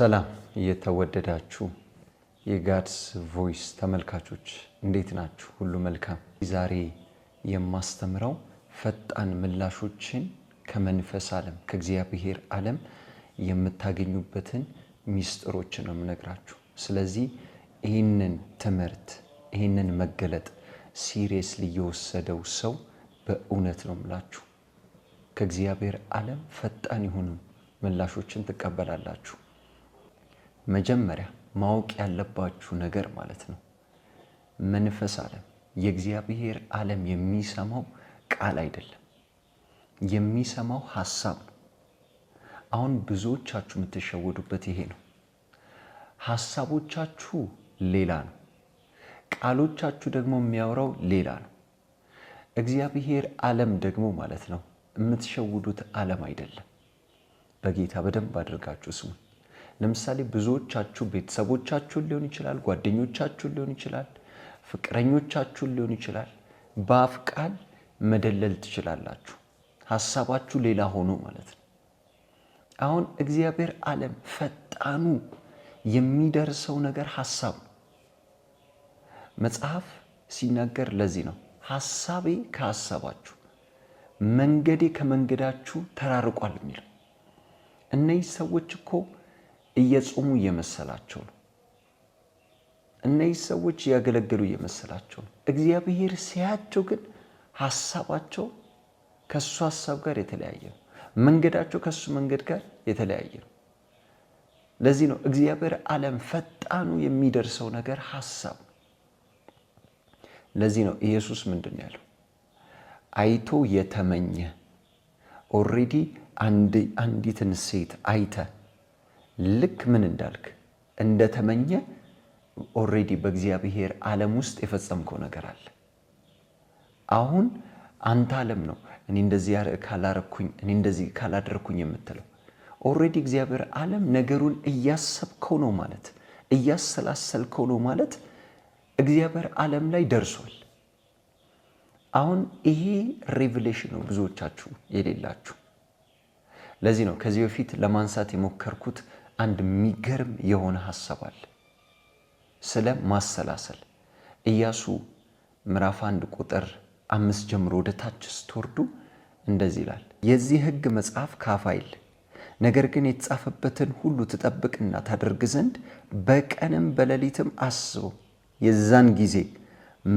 ሰላም እየተወደዳችሁ የጋድስ ቮይስ ተመልካቾች እንዴት ናችሁ? ሁሉ መልካም። ዛሬ የማስተምረው ፈጣን ምላሾችን ከመንፈስ ዓለም ከእግዚአብሔር ዓለም የምታገኙበትን ሚስጥሮች ነው የምነግራችሁ። ስለዚህ ይህንን ትምህርት ይህንን መገለጥ ሲሪየስሊ የወሰደው ሰው በእውነት ነው የምላችሁ ከእግዚአብሔር ዓለም ፈጣን የሆኑ ምላሾችን ትቀበላላችሁ። መጀመሪያ ማወቅ ያለባችሁ ነገር ማለት ነው መንፈስ ዓለም የእግዚአብሔር ዓለም የሚሰማው ቃል አይደለም፣ የሚሰማው ሀሳብ ነው። አሁን ብዙዎቻችሁ የምትሸወዱበት ይሄ ነው። ሀሳቦቻችሁ ሌላ ነው፣ ቃሎቻችሁ ደግሞ የሚያወራው ሌላ ነው። እግዚአብሔር ዓለም ደግሞ ማለት ነው የምትሸውዱት ዓለም አይደለም። በጌታ በደንብ አድርጋችሁ ስሙ። ለምሳሌ ብዙዎቻችሁ ቤተሰቦቻችሁን ሊሆን ይችላል፣ ጓደኞቻችሁን ሊሆን ይችላል፣ ፍቅረኞቻችሁን ሊሆን ይችላል። በአፍ ቃል መደለል ትችላላችሁ። ሀሳባችሁ ሌላ ሆኖ ማለት ነው። አሁን እግዚአብሔር ዓለም ፈጣኑ የሚደርሰው ነገር ሀሳብ ነው። መጽሐፍ ሲናገር ለዚህ ነው ሀሳቤ ከሀሳባችሁ መንገዴ ከመንገዳችሁ ተራርቋል የሚለው እነዚህ ሰዎች እኮ እየጾሙ እየመሰላቸው ነው። እነዚህ ሰዎች እያገለገሉ እየመሰላቸው ነው። እግዚአብሔር ሲያቸው ግን ሀሳባቸው ከእሱ ሀሳብ ጋር የተለያየ ነው። መንገዳቸው ከእሱ መንገድ ጋር የተለያየ ነው። ለዚህ ነው እግዚአብሔር ዓለም ፈጣኑ የሚደርሰው ነገር ሀሳብ ነው። ለዚህ ነው ኢየሱስ ምንድን ነው ያለው? አይቶ የተመኘ ኦልሬዲ አንዲትን ሴት አይተ ልክ ምን እንዳልክ እንደተመኘ ኦልሬዲ በእግዚአብሔር ዓለም ውስጥ የፈጸምከው ነገር አለ። አሁን አንተ ዓለም ነው እኔ እንደዚህ ካላረኩኝ እኔ እንደዚህ ካላደረኩኝ የምትለው ኦሬዲ እግዚአብሔር ዓለም ነገሩን እያሰብከው ነው ማለት እያሰላሰልከው ነው ማለት እግዚአብሔር ዓለም ላይ ደርሷል። አሁን ይሄ ሬቪሌሽን ነው ብዙዎቻችሁ የሌላችሁ። ለዚህ ነው ከዚህ በፊት ለማንሳት የሞከርኩት አንድ የሚገርም የሆነ ሀሳብ አለ ስለ ማሰላሰል። ኢያሱ ምዕራፍ አንድ ቁጥር አምስት ጀምሮ ወደ ታች ስትወርዱ እንደዚህ ይላል፣ የዚህ ሕግ መጽሐፍ ካፋይል አይል ነገር ግን የተጻፈበትን ሁሉ ትጠብቅና ታደርግ ዘንድ በቀንም በሌሊትም አስበው። የዛን ጊዜ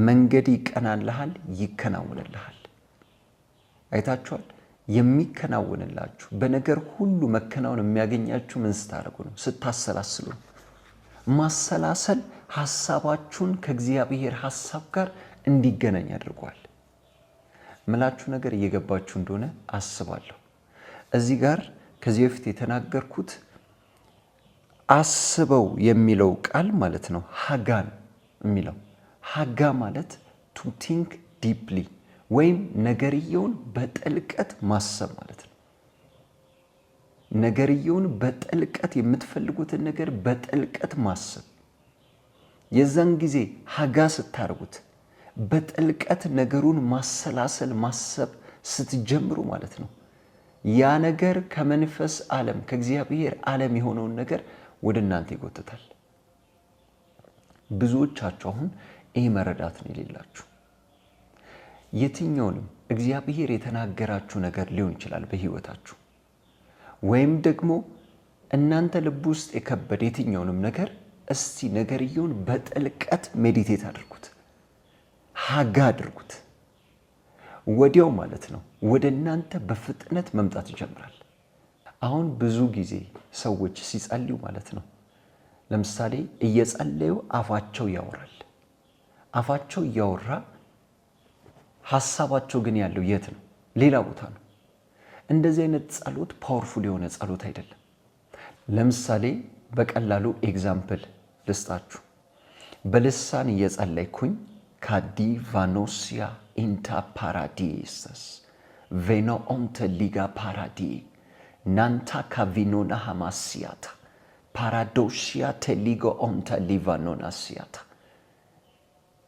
መንገድ ይቀናልሃል፣ ይከናውንልሃል። አይታችኋል። የሚከናወንላችሁ በነገር ሁሉ መከናወን የሚያገኛችሁ ምን ስታደርጉ ነው? ስታሰላስሉ። ማሰላሰል ሀሳባችሁን ከእግዚአብሔር ሀሳብ ጋር እንዲገናኝ አድርጓል። ምላችሁ ነገር እየገባችሁ እንደሆነ አስባለሁ። እዚህ ጋር ከዚህ በፊት የተናገርኩት አስበው የሚለው ቃል ማለት ነው። ሀጋን የሚለው ሀጋ ማለት ቱ ቲንክ ዲፕሊ ወይም ነገርየውን በጥልቀት ማሰብ ማለት ነው። ነገርየውን በጥልቀት የምትፈልጉትን ነገር በጥልቀት ማሰብ የዛን ጊዜ ሀጋ ስታርጉት በጥልቀት ነገሩን ማሰላሰል ማሰብ ስትጀምሩ ማለት ነው ያ ነገር ከመንፈስ ዓለም ከእግዚአብሔር ዓለም የሆነውን ነገር ወደ እናንተ ይጎትታል። ብዙዎቻችሁ አሁን ይህ መረዳት ነው የሌላችሁ። የትኛውንም እግዚአብሔር የተናገራችሁ ነገር ሊሆን ይችላል በህይወታችሁ ወይም ደግሞ እናንተ ልብ ውስጥ የከበደ የትኛውንም ነገር እስቲ ነገርየውን በጥልቀት ሜዲቴት አድርጉት፣ ሀጋ አድርጉት። ወዲያው ማለት ነው ወደ እናንተ በፍጥነት መምጣት ይጀምራል። አሁን ብዙ ጊዜ ሰዎች ሲጸልዩ ማለት ነው ለምሳሌ እየጸለዩ አፋቸው ያወራል። አፋቸው እያወራ ሀሳባቸው ግን ያለው የት ነው? ሌላ ቦታ ነው። እንደዚህ አይነት ጸሎት ፓወርፉል የሆነ ጸሎት አይደለም። ለምሳሌ በቀላሉ ኤግዛምፕል ልስጣችሁ። በልሳን እየጸለይኩኝ ካዲቫኖሲያ ኢንታ ፓራዲስስ ቬኖ ሊጋ ፓራዲ ናንታ ካቪኖና ሃማሲያታ ፓራዶሽያ ተሊጎ ኦምተ ሊቫኖና ሲያታ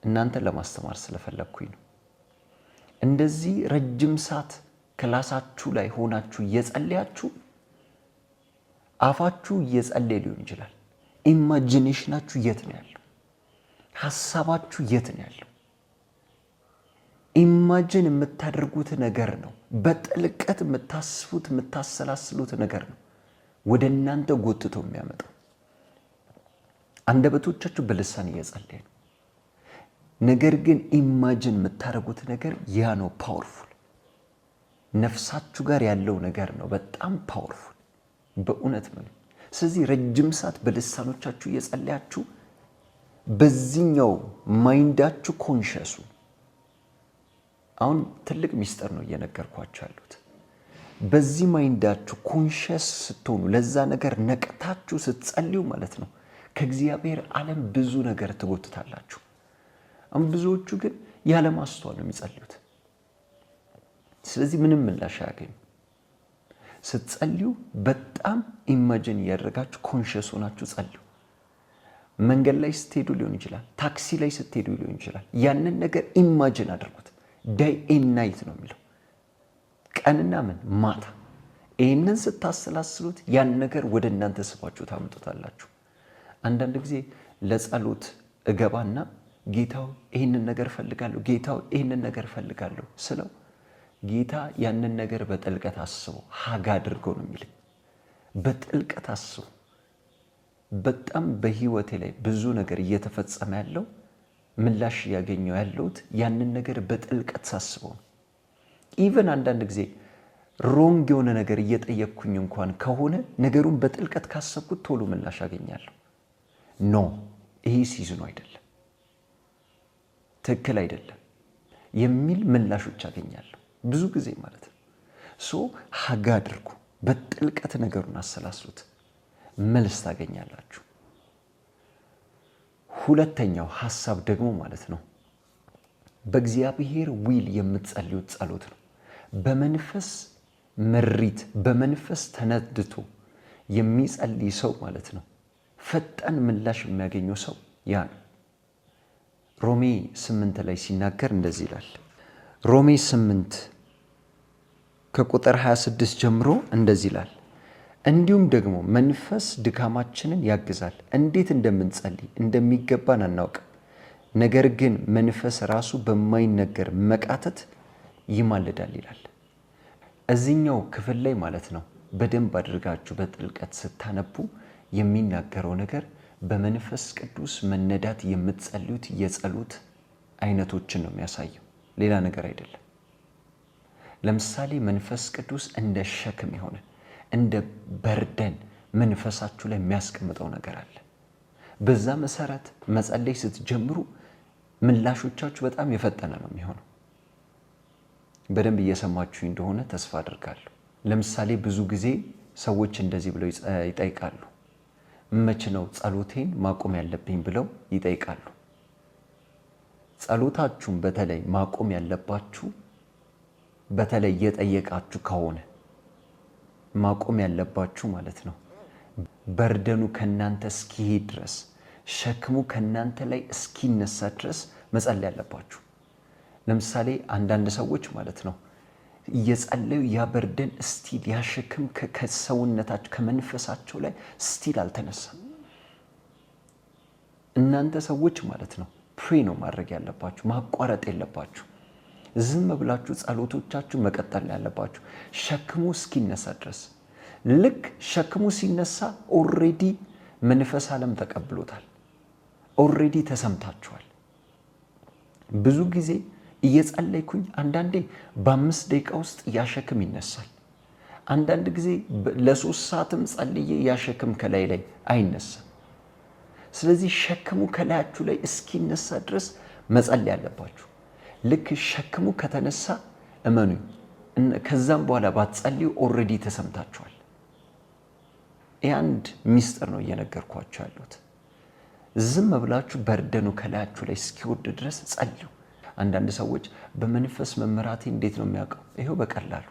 እናንተ ለማስተማር ስለፈለግኩኝ ነው። እንደዚህ ረጅም ሰዓት ክላሳችሁ ላይ ሆናችሁ እየጸለያችሁ አፋችሁ እየጸለየ ሊሆን ይችላል። ኢማጂኔሽናችሁ የት ነው ያለው? ሀሳባችሁ የት ነው ያለው? ኢማጂን የምታደርጉት ነገር ነው። በጥልቀት የምታስቡት የምታሰላስሉት ነገር ነው ወደ እናንተ ጎትቶ የሚያመጣው። አንደበቶቻችሁ በልሳን እየጸለየ ነው። ነገር ግን ኢማጅን የምታደርጉት ነገር ያ ነው ፓወርፉል። ነፍሳችሁ ጋር ያለው ነገር ነው በጣም ፓወርፉል በእውነት ምን። ስለዚህ ረጅም ሰዓት በልሳኖቻችሁ እየጸለያችሁ በዚኛው ማይንዳችሁ ኮንሸሱ። አሁን ትልቅ ሚስጥር ነው እየነገርኳችሁ ያሉት። በዚህ ማይንዳችሁ ኮንሸስ ስትሆኑ ለዛ ነገር ነቅታችሁ ስትጸልዩ ማለት ነው ከእግዚአብሔር ዓለም ብዙ ነገር ትጎትታላችሁ። አሁን ብዙዎቹ ግን ማስተዋል ነው የሚጸልዩት። ስለዚህ ምንም ምላሽ አያገኙ? ስትጸልዩ በጣም ኢማጅን እያደረጋችሁ ኮንሽስ ሆናችሁ ጸልዩ። መንገድ ላይ ስትሄዱ ሊሆን ይችላል፣ ታክሲ ላይ ስትሄዱ ሊሆን ይችላል። ያንን ነገር ኢማጅን አድርጉት። ዳይ ኤን ናይት ነው የሚለው ቀንና ምን ማታ። ይህንን ስታሰላስሉት ያን ነገር ወደ እናንተ ስባችሁ ታምጡታላችሁ። አንዳንድ ጊዜ ለጸሎት እገባና ጌታው ይህንን ነገር ፈልጋለሁ፣ ጌታው ይህንን ነገር ፈልጋለሁ ስለው ጌታ ያንን ነገር በጥልቀት አስቦ ሀጋ አድርጎ ነው የሚል በጥልቀት አስቦ በጣም በህይወቴ ላይ ብዙ ነገር እየተፈጸመ ያለው ምላሽ እያገኘው ያለሁት ያንን ነገር በጥልቀት ሳስበው ነው። ኢቨን አንዳንድ ጊዜ ሮንግ የሆነ ነገር እየጠየቅኩኝ እንኳን ከሆነ ነገሩን በጥልቀት ካሰብኩት ቶሎ ምላሽ አገኛለሁ። ኖ ይህ ሲዝኑ አይደለም ትክክል አይደለም የሚል ምላሾች አገኛለሁ ብዙ ጊዜ ማለት ነው። ሶ ሀግ አድርጉ፣ በጥልቀት ነገሩን አሰላስሉት፣ መልስ ታገኛላችሁ። ሁለተኛው ሀሳብ ደግሞ ማለት ነው በእግዚአብሔር ዊል የምትጸልዩት ጸሎት ነው። በመንፈስ መሪት በመንፈስ ተነድቶ የሚጸልይ ሰው ማለት ነው ፈጣን ምላሽ የሚያገኘው ሰው ያ ነው። ሮሜ ስምንት ላይ ሲናገር እንደዚህ ይላል። ሮሜ ስምንት ከቁጥር 26 ጀምሮ እንደዚህ ይላል። እንዲሁም ደግሞ መንፈስ ድካማችንን ያግዛል። እንዴት እንደምንጸልይ እንደሚገባን አናውቅም፣ ነገር ግን መንፈስ ራሱ በማይነገር መቃተት ይማልዳል ይላል። እዚህኛው ክፍል ላይ ማለት ነው። በደንብ አድርጋችሁ በጥልቀት ስታነቡ የሚናገረው ነገር በመንፈስ ቅዱስ መነዳት የምትጸልዩት የጸሎት አይነቶችን ነው የሚያሳየው፣ ሌላ ነገር አይደለም። ለምሳሌ መንፈስ ቅዱስ እንደ ሸክም የሆነ እንደ በርደን መንፈሳችሁ ላይ የሚያስቀምጠው ነገር አለ። በዛ መሰረት መጸለይ ስትጀምሩ ምላሾቻችሁ በጣም የፈጠነ ነው የሚሆነው። በደንብ እየሰማችሁ እንደሆነ ተስፋ አድርጋለሁ። ለምሳሌ ብዙ ጊዜ ሰዎች እንደዚህ ብለው ይጠይቃሉ መች ነው ጸሎቴን ማቆም ያለብኝ ብለው ይጠይቃሉ። ጸሎታችሁን በተለይ ማቆም ያለባችሁ በተለይ እየጠየቃችሁ ከሆነ ማቆም ያለባችሁ ማለት ነው። በርደኑ ከእናንተ እስኪሄድ ድረስ ሸክሙ ከእናንተ ላይ እስኪነሳ ድረስ መጸለይ ያለባችሁ። ለምሳሌ አንዳንድ ሰዎች ማለት ነው እየጸለዩ ያበርደን ስቲል ያሸክም ከሰውነታቸው ከመንፈሳቸው ላይ ስቲል አልተነሳም። እናንተ ሰዎች ማለት ነው ፕሬ ነው ማድረግ ያለባችሁ፣ ማቋረጥ የለባችሁ። ዝም ብላችሁ ጸሎቶቻችሁ መቀጠል ያለባችሁ ሸክሙ እስኪነሳ ድረስ። ልክ ሸክሙ ሲነሳ ኦሬዲ መንፈስ ዓለም ተቀብሎታል። ኦሬዲ ተሰምታችኋል። ብዙ ጊዜ እየጸለይኩኝ አንዳንዴ በአምስት ደቂቃ ውስጥ ያሸክም ይነሳል። አንዳንድ ጊዜ ለሶስት ሰዓትም ጸልዬ ያሸክም ከላይ ላይ አይነሳም። ስለዚህ ሸክሙ ከላያችሁ ላይ እስኪነሳ ድረስ መጸለይ አለባችሁ። ልክ ሸክሙ ከተነሳ እመኑኝ፣ ከዛም በኋላ ባትጸልዩ ኦልሬዲ ተሰምታችኋል። ይህ ሚስጥር ነው እየነገርኳቸው ያሉት። ዝም ብላችሁ በርደኑ ከላያችሁ ላይ እስኪወድ ድረስ ጸልዩ። አንዳንድ ሰዎች በመንፈስ መመራቴ እንዴት ነው የሚያውቀው? ይሄው በቀላሉ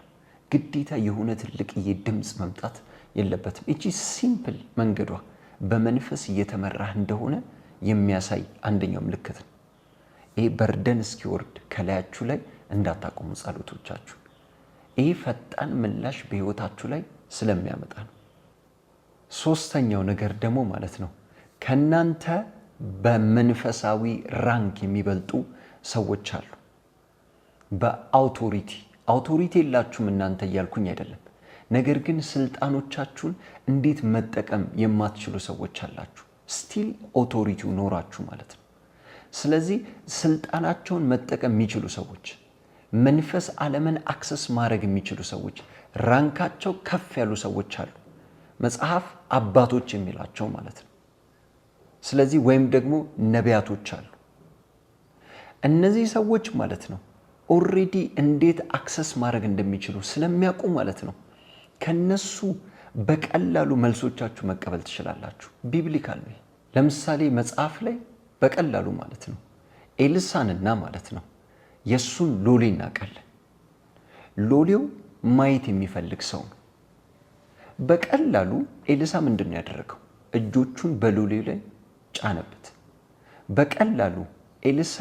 ግዴታ የሆነ ትልቅዬ ድምፅ መምጣት የለበትም። እቺ ሲምፕል መንገዷ በመንፈስ እየተመራህ እንደሆነ የሚያሳይ አንደኛው ምልክት ነው። ይሄ በርደን እስኪወርድ ከላያችሁ ላይ እንዳታቆሙ ጸሎቶቻችሁ። ይህ ፈጣን ምላሽ በህይወታችሁ ላይ ስለሚያመጣ ነው። ሶስተኛው ነገር ደግሞ ማለት ነው ከእናንተ በመንፈሳዊ ራንክ የሚበልጡ ሰዎች አሉ። በአውቶሪቲ አውቶሪቲ የላችሁም እናንተ እያልኩኝ አይደለም። ነገር ግን ስልጣኖቻችሁን እንዴት መጠቀም የማትችሉ ሰዎች አላችሁ። ስቲል ኦቶሪቲው ኖራችሁ ማለት ነው። ስለዚህ ስልጣናቸውን መጠቀም የሚችሉ ሰዎች፣ መንፈስ ዓለምን አክሰስ ማድረግ የሚችሉ ሰዎች፣ ራንካቸው ከፍ ያሉ ሰዎች አሉ። መጽሐፍ አባቶች የሚላቸው ማለት ነው። ስለዚህ ወይም ደግሞ ነቢያቶች አሉ። እነዚህ ሰዎች ማለት ነው ኦሬዲ እንዴት አክሰስ ማድረግ እንደሚችሉ ስለሚያውቁ ማለት ነው ከነሱ በቀላሉ መልሶቻችሁ መቀበል ትችላላችሁ። ቢብሊካል ነው። ለምሳሌ መጽሐፍ ላይ በቀላሉ ማለት ነው ኤልሳንና ማለት ነው የእሱን ሎሌ እናውቃለን። ሎሌው ማየት የሚፈልግ ሰው ነው። በቀላሉ ኤልሳ ምንድን ነው ያደረገው? እጆቹን በሎሌው ላይ ጫነበት። በቀላሉ ኤልሳ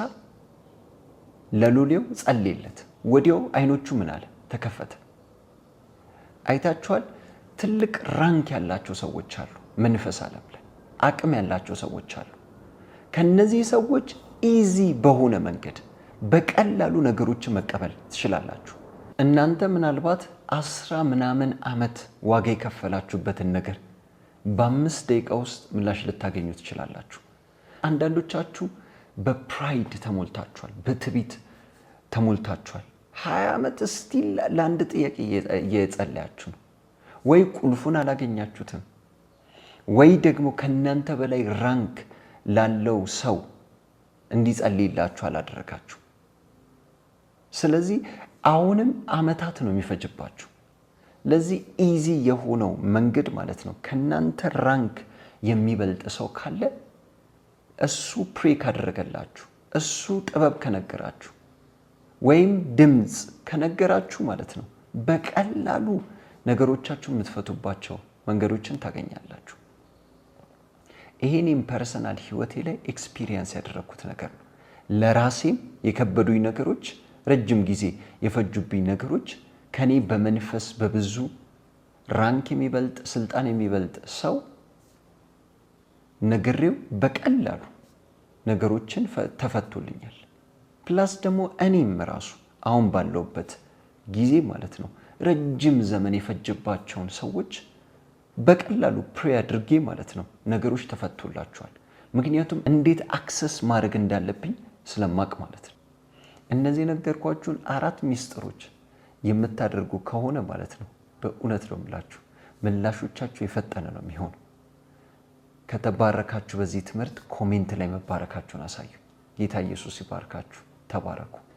ለሎሌው ጸለየለት። ወዲያው አይኖቹ ምን አለ ተከፈተ። አይታችኋል። ትልቅ ራንክ ያላቸው ሰዎች አሉ፣ መንፈስ አለ ላይ አቅም ያላቸው ሰዎች አሉ። ከነዚህ ሰዎች ኢዚ በሆነ መንገድ በቀላሉ ነገሮችን መቀበል ትችላላችሁ። እናንተ ምናልባት አስራ ምናምን ዓመት ዋጋ የከፈላችሁበትን ነገር በአምስት ደቂቃ ውስጥ ምላሽ ልታገኙ ትችላላችሁ። አንዳንዶቻችሁ በፕራይድ ተሞልታችኋል፣ በትቢት ተሞልታችኋል። ሀያ ዓመት እስቲል ለአንድ ጥያቄ እየጸለያችሁ ነው። ወይ ቁልፉን አላገኛችሁትም፣ ወይ ደግሞ ከእናንተ በላይ ራንክ ላለው ሰው እንዲጸልይላችሁ አላደረጋችሁ። ስለዚህ አሁንም ዓመታት ነው የሚፈጅባችሁ። ለዚህ ኢዚ የሆነው መንገድ ማለት ነው ከእናንተ ራንክ የሚበልጥ ሰው ካለ እሱ ፕሬ ካደረገላችሁ እሱ ጥበብ ከነገራችሁ ወይም ድምፅ ከነገራችሁ ማለት ነው በቀላሉ ነገሮቻችሁ የምትፈቱባቸው መንገዶችን ታገኛላችሁ። ይሄኔም ፐርሰናል ህይወቴ ላይ ኤክስፒሪየንስ ያደረግኩት ነገር ነው። ለራሴም የከበዱኝ ነገሮች፣ ረጅም ጊዜ የፈጁብኝ ነገሮች ከኔ በመንፈስ በብዙ ራንክ የሚበልጥ ስልጣን የሚበልጥ ሰው ነግሬው በቀላሉ ነገሮችን ተፈቶልኛል። ፕላስ ደግሞ እኔም ራሱ አሁን ባለውበት ጊዜ ማለት ነው ረጅም ዘመን የፈጀባቸውን ሰዎች በቀላሉ ፕሬ አድርጌ ማለት ነው ነገሮች ተፈቶላቸዋል። ምክንያቱም እንዴት አክሰስ ማድረግ እንዳለብኝ ስለማቅ ማለት ነው። እነዚህ የነገርኳችሁን አራት ሚስጥሮች የምታደርጉ ከሆነ ማለት ነው በእውነት ነው የምላችሁ ምላሾቻችሁ የፈጠነ ነው የሚሆነው። ከተባረካችሁ በዚህ ትምህርት ኮሜንት ላይ መባረካችሁን አሳዩ። ጌታ ኢየሱስ ይባርካችሁ። ተባረኩ።